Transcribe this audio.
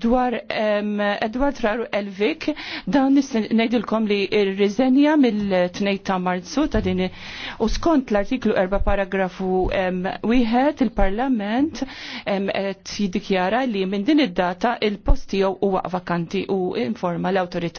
dwar Edward Raru Elvik dan ngħidilkom li rriżenja mill-2 ta' Marzu ta' din u skont l-artiklu 4 paragrafu wieħed il-Parlament qed jiddikjara li minn din id-data il-post u huwa vakanti u informa l-awtorità